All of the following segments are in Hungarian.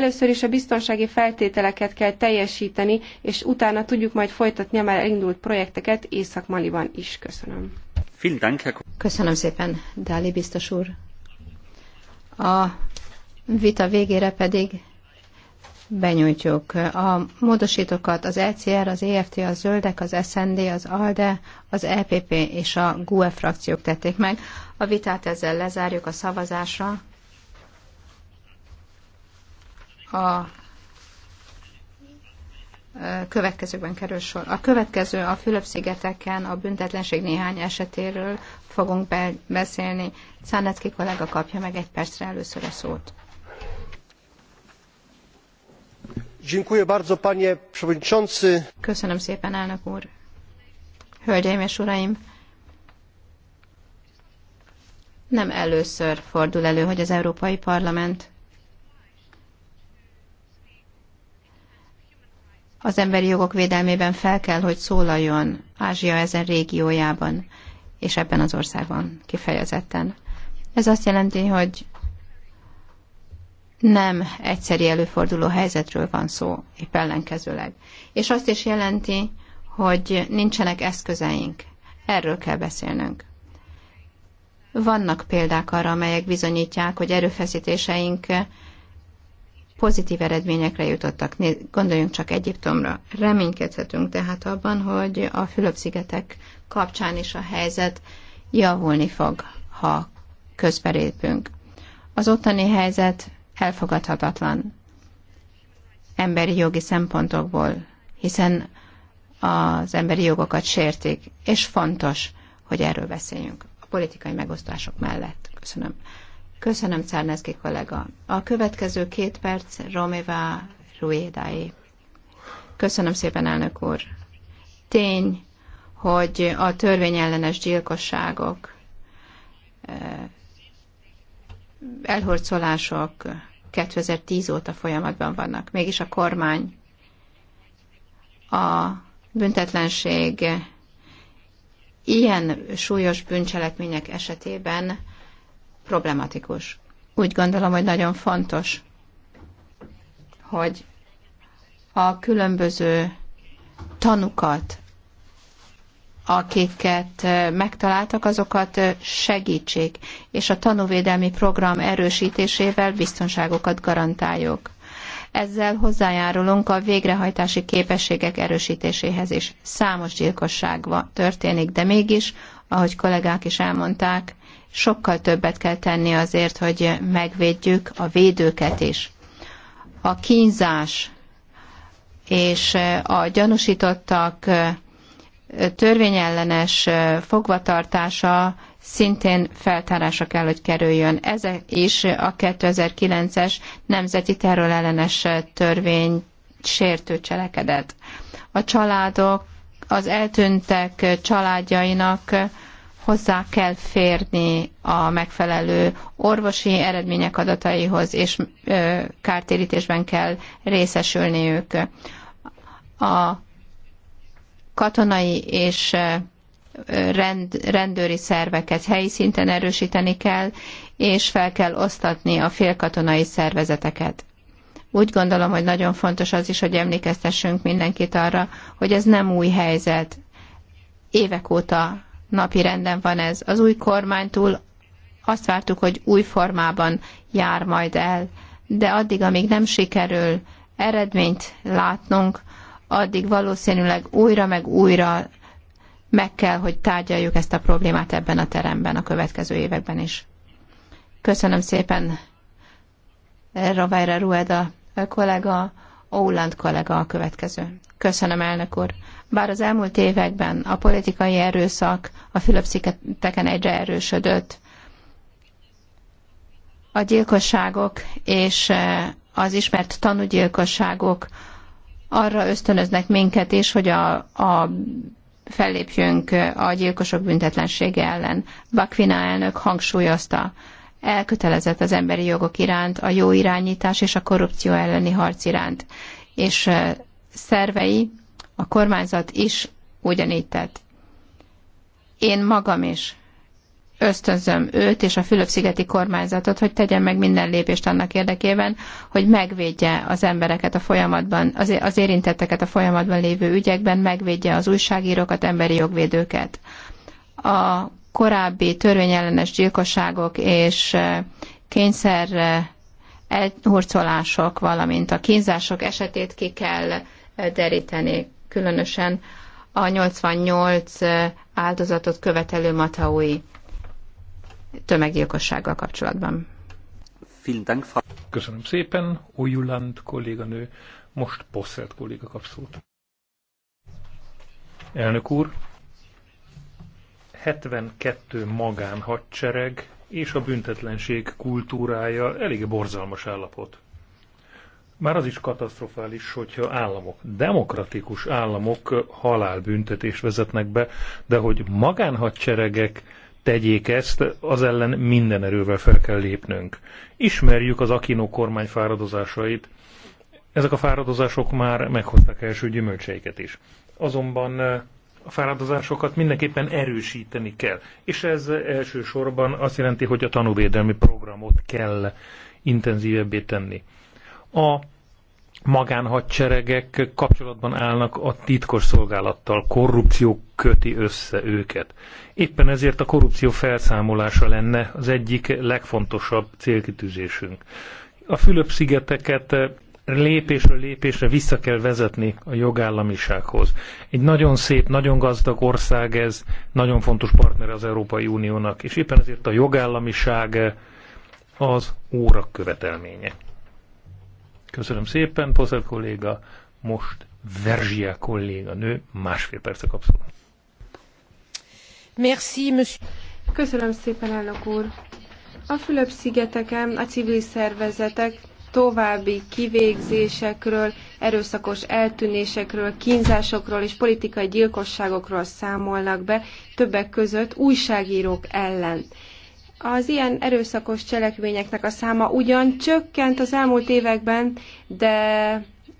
Először is a biztonsági feltételeket kell teljesíteni, és utána tudjuk majd folytatni a már elindult projekteket Észak-Maliban is. Köszönöm. Köszönöm szépen, Dáli biztos úr. A vita végére pedig benyújtjuk. A módosítókat az ECR, az EFT, a Zöldek, az SND, az ALDE, az EPP és a GUE frakciók tették meg. A vitát ezzel lezárjuk a szavazásra a következőkben kerül sor. A következő a Fülöp-szigeteken a büntetlenség néhány esetéről fogunk be- beszélni. Szánetki kollega kapja meg egy percre először a szót. Köszönöm szépen, elnök úr. Hölgyeim és uraim! Nem először fordul elő, hogy az Európai Parlament az emberi jogok védelmében fel kell, hogy szólaljon Ázsia ezen régiójában, és ebben az országban kifejezetten. Ez azt jelenti, hogy nem egyszeri előforduló helyzetről van szó, épp ellenkezőleg. És azt is jelenti, hogy nincsenek eszközeink. Erről kell beszélnünk. Vannak példák arra, amelyek bizonyítják, hogy erőfeszítéseink pozitív eredményekre jutottak. Gondoljunk csak Egyiptomra. Reménykedhetünk tehát abban, hogy a Fülöp-szigetek kapcsán is a helyzet javulni fog, ha közbelépünk. Az ottani helyzet elfogadhatatlan emberi jogi szempontokból, hiszen az emberi jogokat sértik, és fontos, hogy erről beszéljünk a politikai megosztások mellett. Köszönöm. Köszönöm, Czárneszki kollega. A következő két perc Romeva Ruédáé. Köszönöm szépen, elnök úr. Tény, hogy a törvényellenes gyilkosságok, eh, elhorcolások 2010 óta folyamatban vannak. Mégis a kormány a büntetlenség ilyen súlyos bűncselekmények esetében problematikus. Úgy gondolom, hogy nagyon fontos, hogy a különböző tanukat, akiket megtaláltak, azokat segítsék, és a tanúvédelmi program erősítésével biztonságokat garantáljuk. Ezzel hozzájárulunk a végrehajtási képességek erősítéséhez is. Számos gyilkosság történik, de mégis, ahogy kollégák is elmondták, sokkal többet kell tenni azért, hogy megvédjük a védőket is. A kínzás és a gyanúsítottak törvényellenes fogvatartása szintén feltárásra kell, hogy kerüljön. Ez is a 2009-es nemzeti terrorellenes törvény sértő cselekedet. A családok, az eltűntek családjainak hozzá kell férni a megfelelő orvosi eredmények adataihoz, és kártérítésben kell ők. A katonai és rend, rendőri szerveket helyi szinten erősíteni kell, és fel kell osztatni a félkatonai szervezeteket. Úgy gondolom, hogy nagyon fontos az is, hogy emlékeztessünk mindenkit arra, hogy ez nem új helyzet. Évek óta napi renden van ez. Az új kormánytól azt vártuk, hogy új formában jár majd el, de addig, amíg nem sikerül eredményt látnunk, addig valószínűleg újra meg újra meg kell, hogy tárgyaljuk ezt a problémát ebben a teremben a következő években is. Köszönöm szépen Rovaira Rueda kollega, Óland kollega a következő. Köszönöm, elnök úr. Bár az elmúlt években a politikai erőszak a Fülöp-szigeteken egyre erősödött, a gyilkosságok és eh, az ismert tanúgyilkosságok arra ösztönöznek minket is, hogy a, a fellépjünk eh, a gyilkosok büntetlensége ellen. Bakvina elnök hangsúlyozta, elkötelezett az emberi jogok iránt, a jó irányítás és a korrupció elleni harc iránt, és eh, szervei a kormányzat is ugyanígy tett. Én magam is ösztönzöm őt és a Fülöp-szigeti kormányzatot, hogy tegyen meg minden lépést annak érdekében, hogy megvédje az embereket a folyamatban, az érintetteket a folyamatban lévő ügyekben, megvédje az újságírókat, emberi jogvédőket. A korábbi törvényellenes gyilkosságok és eh, kényszer eh, elhurcolások, valamint a kínzások esetét ki kell eh, deríteni különösen a 88 áldozatot követelő mataui tömeggyilkossággal kapcsolatban. Köszönöm szépen, Ojuland kolléganő, most Posszert kolléga kap szót. Elnök úr, 72 magánhadsereg és a büntetlenség kultúrája elég borzalmas állapot. Már az is katasztrofális, hogyha államok, demokratikus államok halálbüntetés vezetnek be, de hogy magánhadseregek tegyék ezt, az ellen minden erővel fel kell lépnünk. Ismerjük az Akinó kormány fáradozásait, ezek a fáradozások már meghozták első gyümölcseiket is. Azonban eh, a fáradozásokat mindenképpen erősíteni kell. És ez elsősorban azt jelenti, hogy a tanúvédelmi programot kell intenzívebbé tenni a magánhadseregek kapcsolatban állnak a titkos szolgálattal, korrupció köti össze őket. Éppen ezért a korrupció felszámolása lenne az egyik legfontosabb célkitűzésünk. A Fülöp-szigeteket lépésről lépésre vissza kell vezetni a jogállamisághoz. Egy nagyon szép, nagyon gazdag ország ez, nagyon fontos partner az Európai Uniónak, és éppen ezért a jogállamiság az óra követelménye. Köszönöm szépen, Pozer kolléga. Most Verzsia kolléga nő, másfél perce kapszol. Merci, monsieur. Köszönöm szépen, elnök úr. A Fülöp-szigeteken a civil szervezetek további kivégzésekről, erőszakos eltűnésekről, kínzásokról és politikai gyilkosságokról számolnak be, többek között újságírók ellen. Az ilyen erőszakos cselekményeknek a száma ugyan csökkent az elmúlt években, de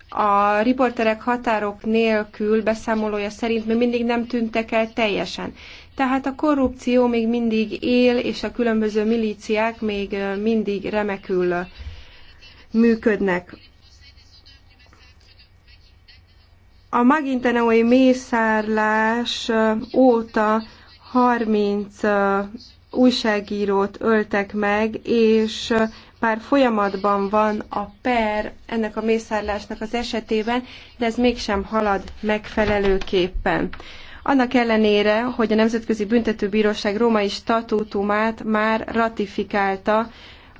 a riporterek határok nélkül beszámolója szerint még mindig nem tűntek el teljesen. Tehát a korrupció még mindig él, és a különböző milíciák még mindig remekül működnek. A Magintenói mészárlás óta 30 újságírót öltek meg, és pár folyamatban van a per ennek a mészárlásnak az esetében, de ez mégsem halad megfelelőképpen. Annak ellenére, hogy a Nemzetközi Büntetőbíróság római statútumát már ratifikálta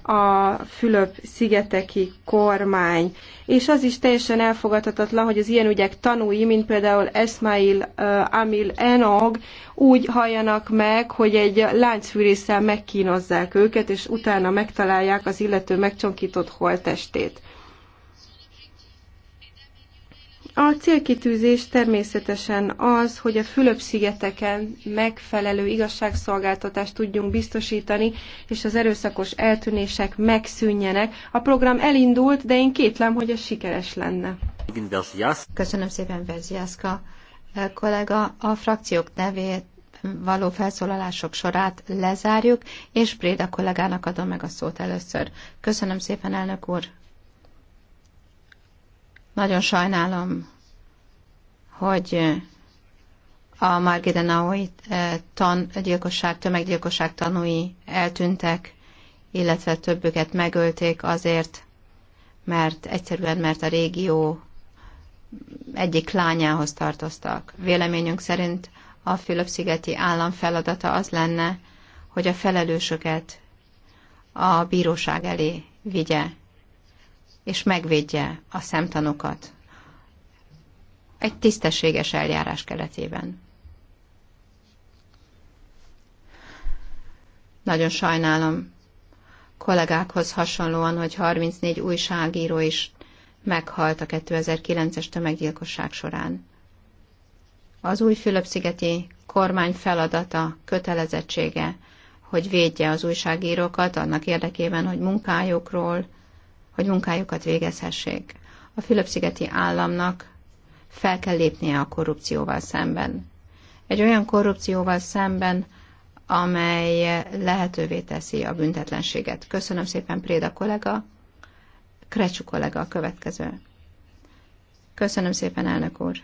a Fülöp-szigeteki kormány. És az is teljesen elfogadhatatlan, hogy az ilyen ügyek tanúi, mint például Esmail uh, Amil Enog, úgy halljanak meg, hogy egy láncfűréssel megkínozzák őket, és utána megtalálják az illető megcsonkított holttestét. A célkitűzés természetesen az, hogy a Fülöp-szigeteken megfelelő igazságszolgáltatást tudjunk biztosítani, és az erőszakos eltűnések megszűnjenek. A program elindult, de én kétlem, hogy ez sikeres lenne. Köszönöm szépen, Verziászka eh, kollega. A frakciók nevét való felszólalások sorát lezárjuk, és Préda kollégának adom meg a szót először. Köszönöm szépen, elnök úr! Nagyon sajnálom, hogy a Margide Naoi eh, tan, gyilkosság, tömeggyilkosság tanúi eltűntek, illetve többüket megölték azért, mert egyszerűen, mert a régió egyik lányához tartoztak. Véleményünk szerint a Fülöp-szigeti állam feladata az lenne, hogy a felelősöket a bíróság elé vigye és megvédje a szemtanokat egy tisztességes eljárás keretében. Nagyon sajnálom kollégákhoz hasonlóan, hogy 34 újságíró is meghalt a 2009-es tömeggyilkosság során. Az új Fülöp-szigeti kormány feladata, kötelezettsége, hogy védje az újságírókat annak érdekében, hogy munkájukról, hogy munkájukat végezhessék. A Fülöp-szigeti államnak fel kell lépnie a korrupcióval szemben. Egy olyan korrupcióval szemben, amely lehetővé teszi a büntetlenséget. Köszönöm szépen Préda kollega, Krecsú kollega a következő. Köszönöm szépen, elnök úr.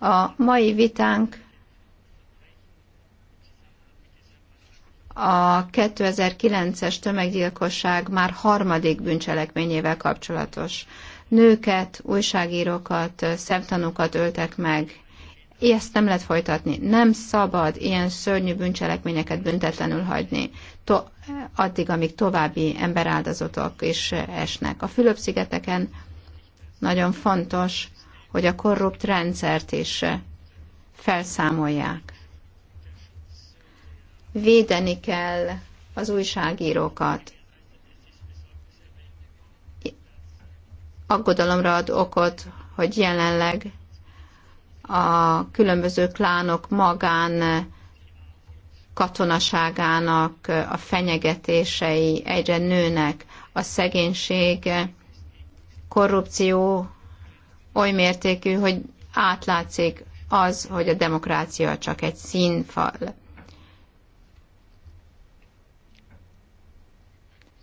A mai vitánk a 2009-es tömeggyilkosság már harmadik bűncselekményével kapcsolatos. Nőket, újságírókat, szemtanúkat öltek meg. Ezt nem lehet folytatni. Nem szabad ilyen szörnyű bűncselekményeket büntetlenül hagyni. To- addig, amíg további emberáldozatok is esnek. A Fülöp-szigeteken nagyon fontos, hogy a korrupt rendszert is felszámolják Védeni kell az újságírókat. Aggodalomra ad okot, hogy jelenleg a különböző klánok magán katonaságának a fenyegetései egyre nőnek, a szegénység, korrupció oly mértékű, hogy átlátszik az, hogy a demokrácia csak egy színfal.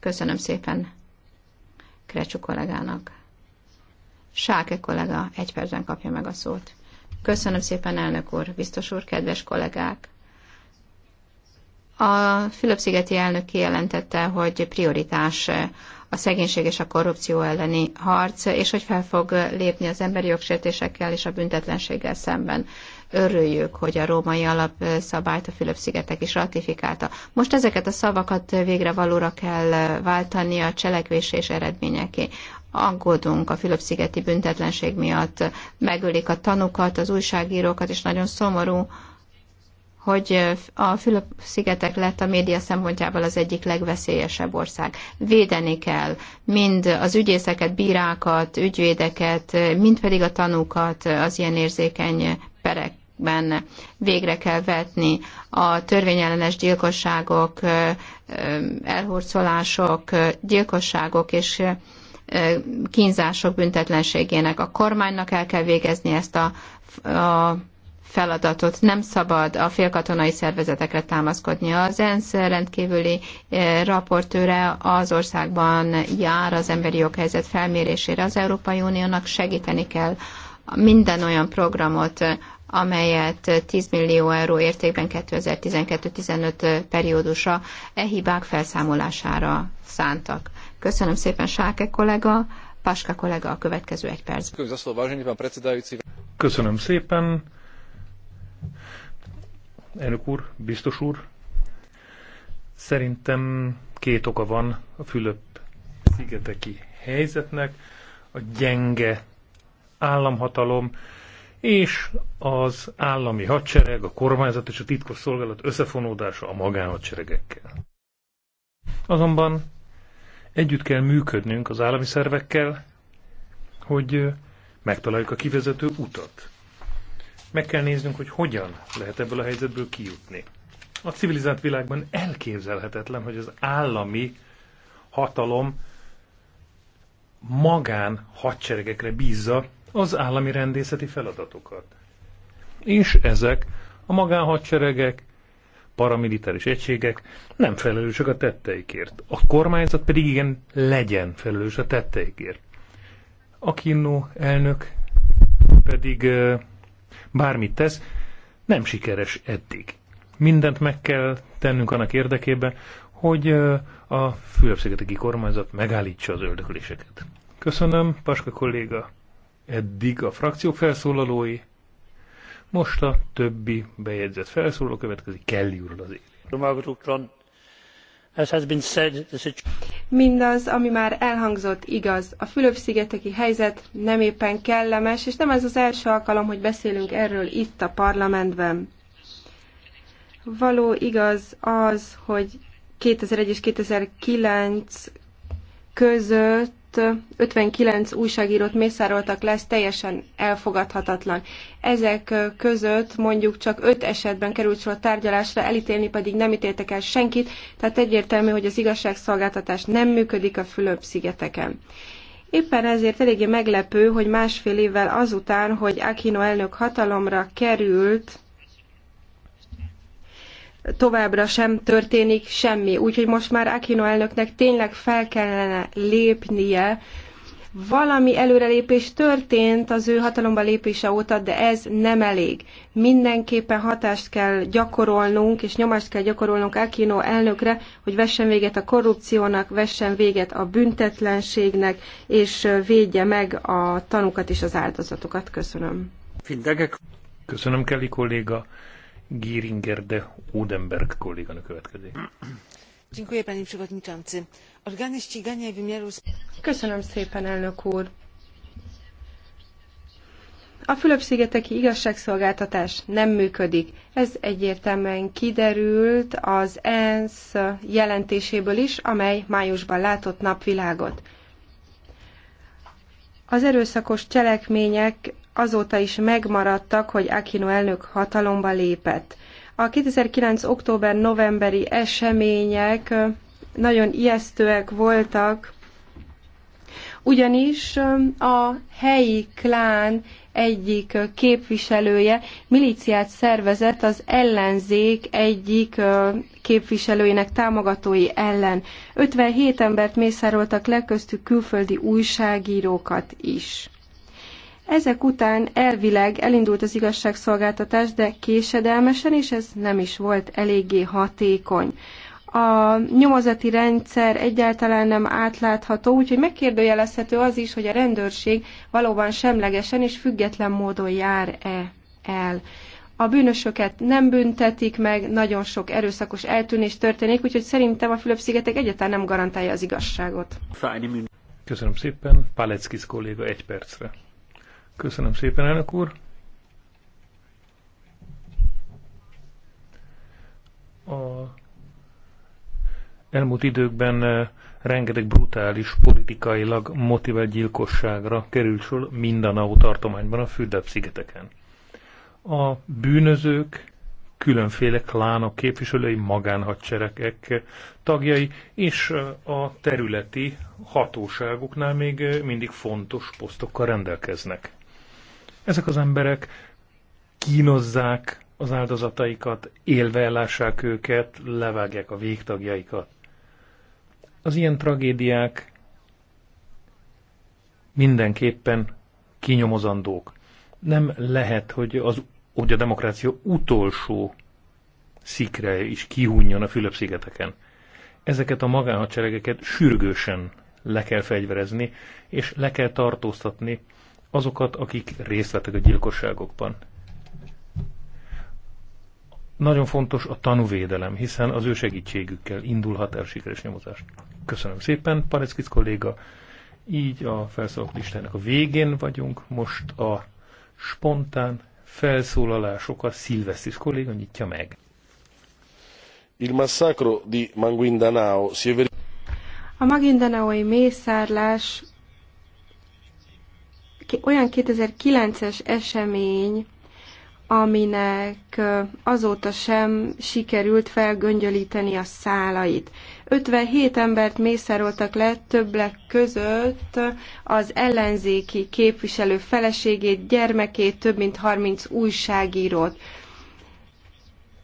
Köszönöm szépen Krecsú kollégának. Sáke kollega egy percben kapja meg a szót. Köszönöm szépen, elnök úr, biztos úr, kedves kollégák! A Fülöp-szigeti elnök kijelentette, hogy prioritás a szegénység és a korrupció elleni harc, és hogy fel fog lépni az emberi jogsértésekkel és a büntetlenséggel szemben. Örüljük, hogy a római alapszabályt a Fülöp-szigetek is ratifikálta. Most ezeket a szavakat végre valóra kell váltani a cselekvés és eredményeké aggódunk a Fülöp-szigeti büntetlenség miatt, megölik a tanukat, az újságírókat, és nagyon szomorú, hogy a Fülöp-szigetek lett a média szempontjából az egyik legveszélyesebb ország. Védeni kell mind az ügyészeket, bírákat, ügyvédeket, mind pedig a tanúkat az ilyen érzékeny perek benne végre kell vetni a törvényellenes gyilkosságok, elhurcolások, gyilkosságok és kínzások büntetlenségének. A kormánynak el kell végezni ezt a, a feladatot. Nem szabad a félkatonai szervezetekre támaszkodni. Az ENSZ rendkívüli eh, raportőre az országban jár az emberi helyzet felmérésére. Az Európai Uniónak segíteni kell minden olyan programot, amelyet 10 millió euró értékben 2012-15 periódusa e hibák felszámolására szántak. Köszönöm szépen Sáke kollega, Paska kollega a következő egy perc. Köszönöm szépen. Elnök úr, biztos úr, szerintem két oka van a Fülöp-szigeteki helyzetnek, a gyenge államhatalom és az állami hadsereg, a kormányzat és a titkos szolgálat összefonódása a magánhadseregekkel. Azonban együtt kell működnünk az állami szervekkel, hogy megtaláljuk a kivezető utat. Meg kell néznünk, hogy hogyan lehet ebből a helyzetből kijutni. A civilizált világban elképzelhetetlen, hogy az állami hatalom magán hadseregekre bízza az állami rendészeti feladatokat. És ezek a magánhadseregek, paramilitáris egységek nem felelősek a tetteikért. A kormányzat pedig igen legyen felelős a tetteikért. kínó elnök pedig Bármit tesz, nem sikeres eddig. Mindent meg kell tennünk annak érdekében, hogy a fülöp kormányzat megállítsa az öldökléseket. Köszönöm, Paska kolléga. Eddig a frakciók felszólalói, most a többi bejegyzett felszólaló következik, Kelly úrral az élén. Mindaz, ami már elhangzott, igaz. A Fülöp-szigeteki helyzet nem éppen kellemes, és nem ez az első alkalom, hogy beszélünk erről itt a parlamentben. Való igaz az, hogy 2001 és 2009 között 59 újságírót mészároltak le, ez teljesen elfogadhatatlan. Ezek között mondjuk csak 5 esetben került sor a tárgyalásra, elítélni pedig nem ítéltek el senkit, tehát egyértelmű, hogy az igazságszolgáltatás nem működik a Fülöp-szigeteken. Éppen ezért eléggé meglepő, hogy másfél évvel azután, hogy Aquino elnök hatalomra került, továbbra sem történik semmi. Úgyhogy most már Aquino elnöknek tényleg fel kellene lépnie, valami előrelépés történt az ő hatalomba lépése óta, de ez nem elég. Mindenképpen hatást kell gyakorolnunk, és nyomást kell gyakorolnunk Aquino elnökre, hogy vessen véget a korrupciónak, vessen véget a büntetlenségnek, és védje meg a tanukat és az áldozatokat. Köszönöm. Köszönöm, Kelly kolléga. Gieringer de Odenberg kolléganő következik. Köszönöm szépen, elnök úr! A Fülöp-szigeteki igazságszolgáltatás nem működik. Ez egyértelműen kiderült az ENSZ jelentéséből is, amely májusban látott napvilágot. Az erőszakos cselekmények azóta is megmaradtak, hogy Aquino elnök hatalomba lépett. A 2009. október-novemberi események nagyon ijesztőek voltak, ugyanis a helyi klán egyik képviselője milíciát szervezett az ellenzék egyik képviselőinek támogatói ellen. 57 embert mészároltak le, köztük külföldi újságírókat is. Ezek után elvileg elindult az igazságszolgáltatás, de késedelmesen, és ez nem is volt eléggé hatékony. A nyomozati rendszer egyáltalán nem átlátható, úgyhogy megkérdőjelezhető az is, hogy a rendőrség valóban semlegesen és független módon jár-e el. A bűnösöket nem büntetik meg, nagyon sok erőszakos eltűnés történik, úgyhogy szerintem a Fülöp-szigetek egyáltalán nem garantálja az igazságot. Köszönöm szépen, Paleckis kolléga egy percre. Köszönöm szépen, elnök úr. A elmúlt időkben eh, rengeteg brutális, politikailag motivált gyilkosságra került sor minden tartományban, a Füldebb szigeteken A bűnözők különféle klánok képviselői, magánhadseregek tagjai, és eh, a területi hatóságoknál még eh, mindig fontos posztokkal rendelkeznek. Ezek az emberek kínozzák az áldozataikat, élve ellássák őket, levágják a végtagjaikat. Az ilyen tragédiák mindenképpen kinyomozandók. Nem lehet, hogy, az, hogy a demokrácia utolsó szikre is kihunjon a Fülöp-szigeteken. Ezeket a magánhadseregeket sürgősen le kell fegyverezni, és le kell tartóztatni azokat, akik részt vettek a gyilkosságokban. Nagyon fontos a tanúvédelem, hiszen az ő segítségükkel indulhat el sikeres nyomozás. Köszönöm szépen, Pareckic kolléga. Így a felszólalók listának a végén vagyunk. Most a spontán felszólalásokat Szilvesztis kolléga nyitja meg. Il massacro di Manguindanao si è A maguindanaoi mészárlás olyan 2009-es esemény, aminek azóta sem sikerült felgöngyölíteni a szálait. 57 embert mészároltak le, többek között az ellenzéki képviselő feleségét, gyermekét, több mint 30 újságírót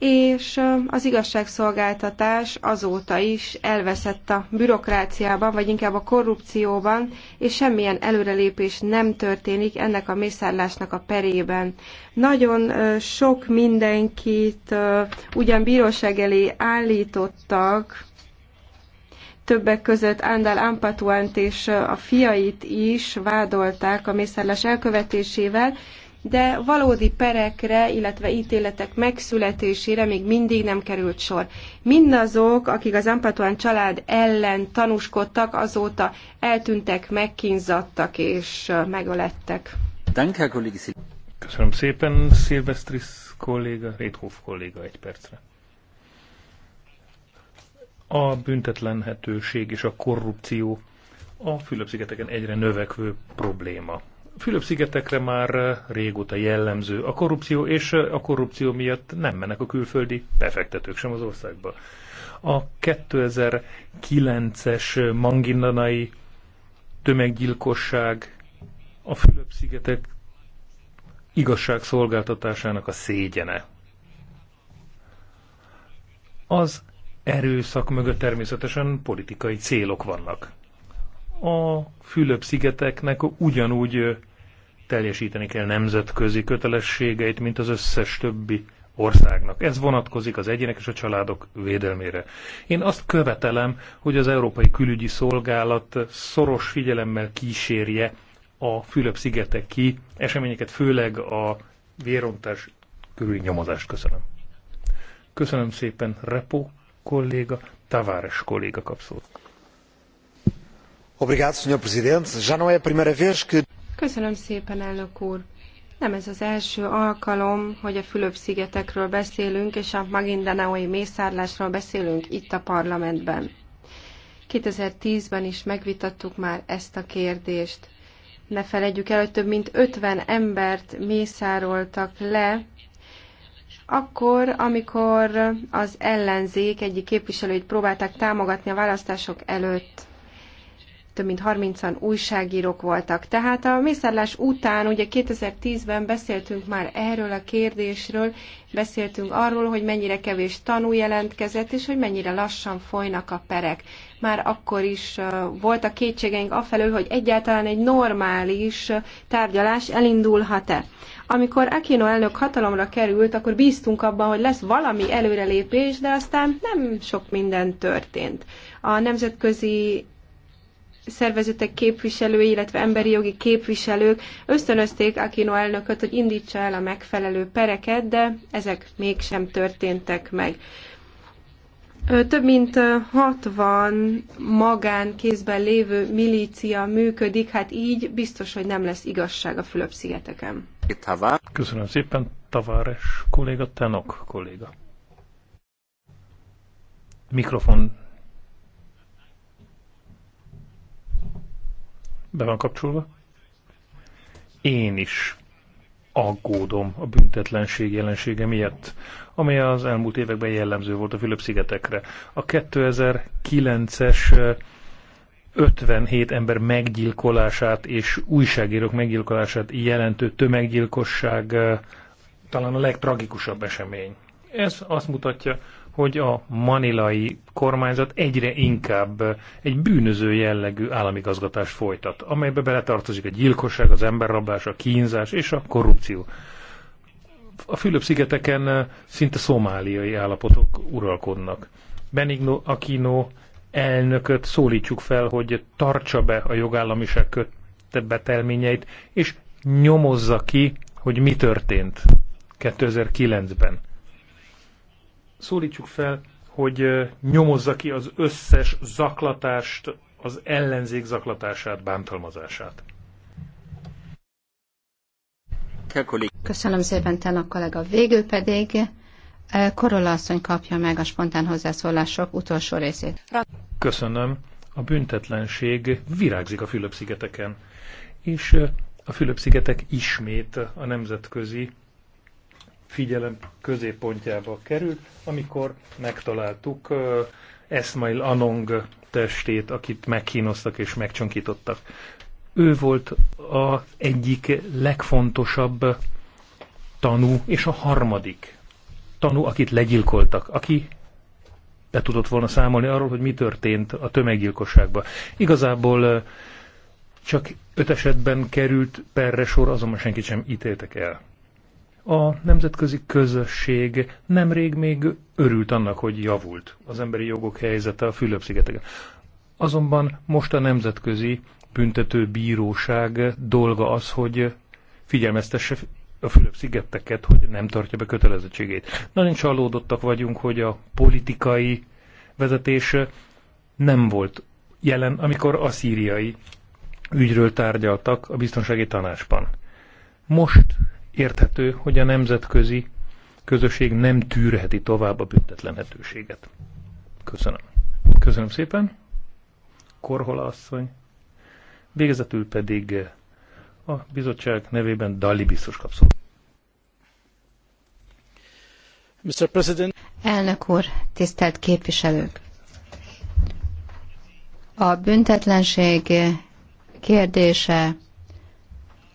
és az igazságszolgáltatás azóta is elveszett a bürokráciában, vagy inkább a korrupcióban, és semmilyen előrelépés nem történik ennek a mészárlásnak a perében. Nagyon sok mindenkit ugyan bíróság elé állítottak, többek között Andal Ampatuant és a fiait is vádolták a mészárlás elkövetésével, de valódi perekre, illetve ítéletek megszületésére még mindig nem került sor. Mindazok, akik az Ampatuan család ellen tanúskodtak, azóta eltűntek, megkínzattak és megölettek. Köszönöm szépen, Szilvesztris kolléga, Réthoff kolléga egy percre. A büntetlenhetőség és a korrupció a Fülöp-szigeteken egyre növekvő probléma Fülöp-szigetekre már eh, régóta jellemző a korrupció, és eh, a korrupció miatt nem mennek a külföldi befektetők sem az országba. A 2009-es manginanai tömeggyilkosság a Fülöp-szigetek igazságszolgáltatásának a szégyene. Az erőszak mögött természetesen politikai célok vannak a Fülöp-szigeteknek ugyanúgy teljesíteni kell nemzetközi kötelességeit, mint az összes többi országnak. Ez vonatkozik az egyének és a családok védelmére. Én azt követelem, hogy az Európai Külügyi Szolgálat szoros figyelemmel kísérje a Fülöp-szigeteki eseményeket, főleg a vérontás körüli nyomozást. Köszönöm. Köszönöm szépen Repo kolléga, Taváres kolléga kapszót. Köszönöm szépen, Nem ez az első alkalom, hogy a Fülöp-szigetekről beszélünk, és a Magindanaoi mészárlásról beszélünk itt a parlamentben. 2010-ben is megvitattuk már ezt a kérdést. Ne felejtjük el, hogy több mint 50 embert mészároltak le, akkor, amikor az ellenzék egyik képviselőit próbálták támogatni a választások előtt több mint 30-an újságírók voltak. Tehát a mészárlás után, ugye 2010-ben beszéltünk már erről a kérdésről, beszéltünk arról, hogy mennyire kevés tanú jelentkezett, és hogy mennyire lassan folynak a perek. Már akkor is voltak kétségeink afelől, hogy egyáltalán egy normális tárgyalás elindulhat-e. Amikor Aquino elnök hatalomra került, akkor bíztunk abban, hogy lesz valami előrelépés, de aztán nem sok minden történt. A nemzetközi szervezetek képviselői, illetve emberi jogi képviselők ösztönözték Aquino elnököt, hogy indítsa el a megfelelő pereket, de ezek mégsem történtek meg. Több mint 60 magán kézben lévő milícia működik, hát így biztos, hogy nem lesz igazság a Fülöp-szigeteken. Köszönöm szépen, Taváres kolléga, Tenok kolléga. Mikrofon Be van kapcsolva? Én is aggódom a büntetlenség jelensége miatt, amely az elmúlt években jellemző volt a Fülöp-szigetekre. A 2009-es 57 ember meggyilkolását és újságírók meggyilkolását jelentő tömeggyilkosság talán a legtragikusabb esemény. Ez azt mutatja, hogy a manilai kormányzat egyre inkább egy bűnöző jellegű államigazgatást folytat, amelybe beletartozik a gyilkosság, az emberrablás, a kínzás és a korrupció. A Fülöp-szigeteken eh, szinte szomáliai állapotok uralkodnak. Benigno Aquino elnököt szólítjuk fel, hogy tartsa be a jogállamiság betelményeit, és nyomozza ki, hogy mi történt 2009-ben szólítsuk fel, hogy nyomozza ki az összes zaklatást, az ellenzék zaklatását, bántalmazását. Köszönöm szépen, Tenak kollega. Végül pedig Korola asszony kapja meg a spontán hozzászólások utolsó részét. Köszönöm. A büntetlenség virágzik a Fülöp-szigeteken, és a Fülöp-szigetek ismét a nemzetközi figyelem középpontjába került, amikor megtaláltuk uh, Esmail Anong testét, akit megkínoztak és megcsonkítottak. Ő volt az egyik legfontosabb tanú, és a harmadik tanú, akit legyilkoltak, aki be tudott volna számolni arról, hogy mi történt a tömeggyilkosságban. Igazából csak öt esetben került perre sor, azonban senkit sem ítéltek el. A nemzetközi közösség nemrég még örült annak, hogy javult az emberi jogok helyzete a Fülöp-szigeteken. Azonban most a nemzetközi büntető bíróság dolga az, hogy figyelmeztesse a Fülöp-szigeteket, hogy nem tartja be kötelezettségét. Nagyon csalódottak vagyunk, hogy a politikai vezetés nem volt jelen, amikor a szíriai ügyről tárgyaltak a biztonsági tanácsban. Most Érthető, hogy a nemzetközi közösség nem tűrheti tovább a büntetlenhetőséget. Köszönöm. Köszönöm szépen. Korhola asszony. Végezetül pedig a bizottság nevében Dali biztos kap Mr. President. Elnök úr, tisztelt képviselők! A büntetlenség kérdése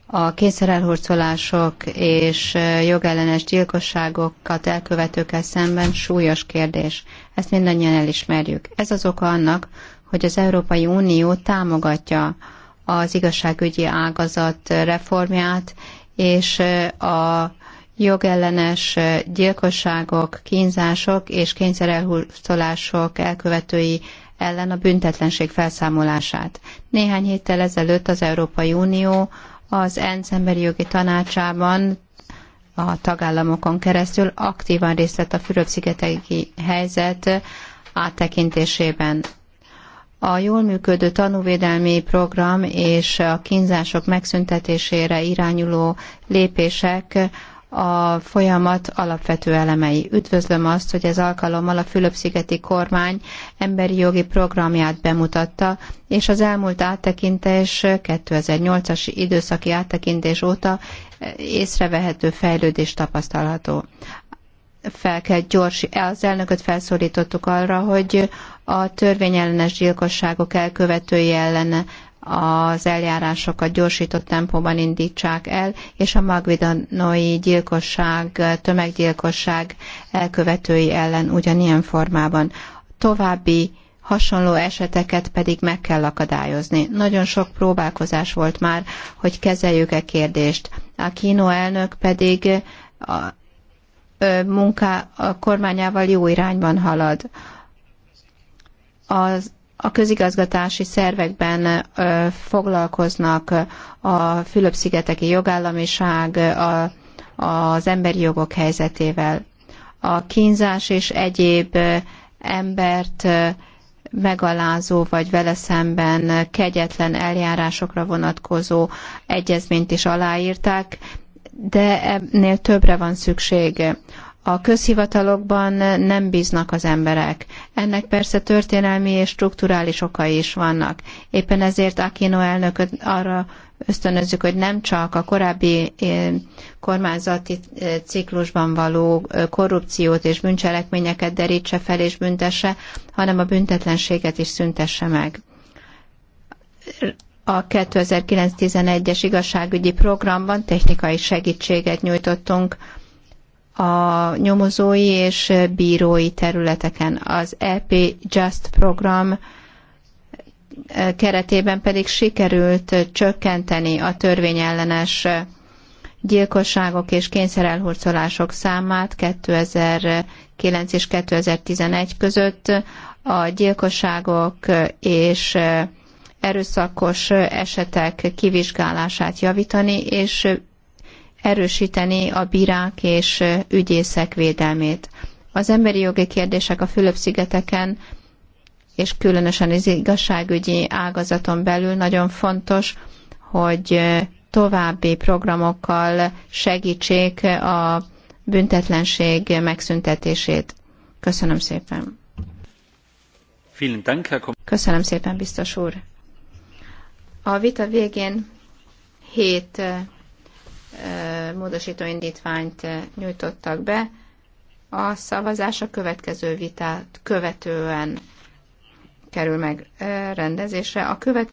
a kényszerelhurcolások és jogellenes gyilkosságokat elkövetőkkel szemben súlyos kérdés. Ezt mindannyian elismerjük. Ez az oka annak, hogy az Európai Unió támogatja az igazságügyi ágazat reformját, és a jogellenes gyilkosságok, kínzások és kényszerelhurcolások elkövetői ellen a büntetlenség felszámolását. Néhány héttel ezelőtt az Európai Unió az ENSZ emberi jogi tanácsában a tagállamokon keresztül aktívan részt vett a Fülöp-szigeteki helyzet áttekintésében. A jól működő tanúvédelmi program és a kínzások megszüntetésére irányuló lépések a folyamat alapvető elemei. Üdvözlöm azt, hogy ez alkalommal a Fülöp-szigeti kormány emberi jogi programját bemutatta, és az elmúlt áttekintés 2008-as időszaki áttekintés óta eh, észrevehető fejlődés tapasztalható. Fel kell gyors, az elnököt felszólítottuk arra, hogy a törvényellenes gyilkosságok elkövetői ellen az eljárásokat gyorsított tempóban indítsák el, és a magvidanói gyilkosság, tömeggyilkosság elkövetői ellen ugyanilyen formában. További hasonló eseteket pedig meg kell akadályozni. Nagyon sok próbálkozás volt már, hogy kezeljük e kérdést. A kínó elnök pedig a, munká, a kormányával jó irányban halad. Az a közigazgatási szervekben foglalkoznak a Fülöp-szigeteki jogállamiság, a, az emberi jogok helyzetével. A kínzás és egyéb embert megalázó vagy vele szemben kegyetlen eljárásokra vonatkozó egyezményt is aláírták, de ennél többre van szükség a közhivatalokban nem bíznak az emberek. Ennek persze történelmi és strukturális okai is vannak. Éppen ezért Akino elnököt arra ösztönözzük, hogy nem csak a korábbi eh, kormányzati eh, ciklusban való eh, korrupciót és bűncselekményeket derítse fel és büntesse, hanem a büntetlenséget is szüntesse meg a 2009-11-es igazságügyi programban technikai segítséget nyújtottunk a nyomozói és bírói területeken. Az EP Just program keretében pedig sikerült csökkenteni a törvényellenes gyilkosságok és kényszerelhurcolások számát 2009 és 2011 között a gyilkosságok és erőszakos esetek kivizsgálását javítani, és erősíteni a bírák és ügyészek védelmét. Az emberi jogi kérdések a Fülöp-szigeteken és különösen az igazságügyi ágazaton belül nagyon fontos, hogy további programokkal segítsék a büntetlenség megszüntetését. Köszönöm szépen. Köszönöm szépen, biztos úr. A vita végén hét módosító indítványt nyújtottak be. A szavazás a következő vitát követően kerül meg rendezésre. A következő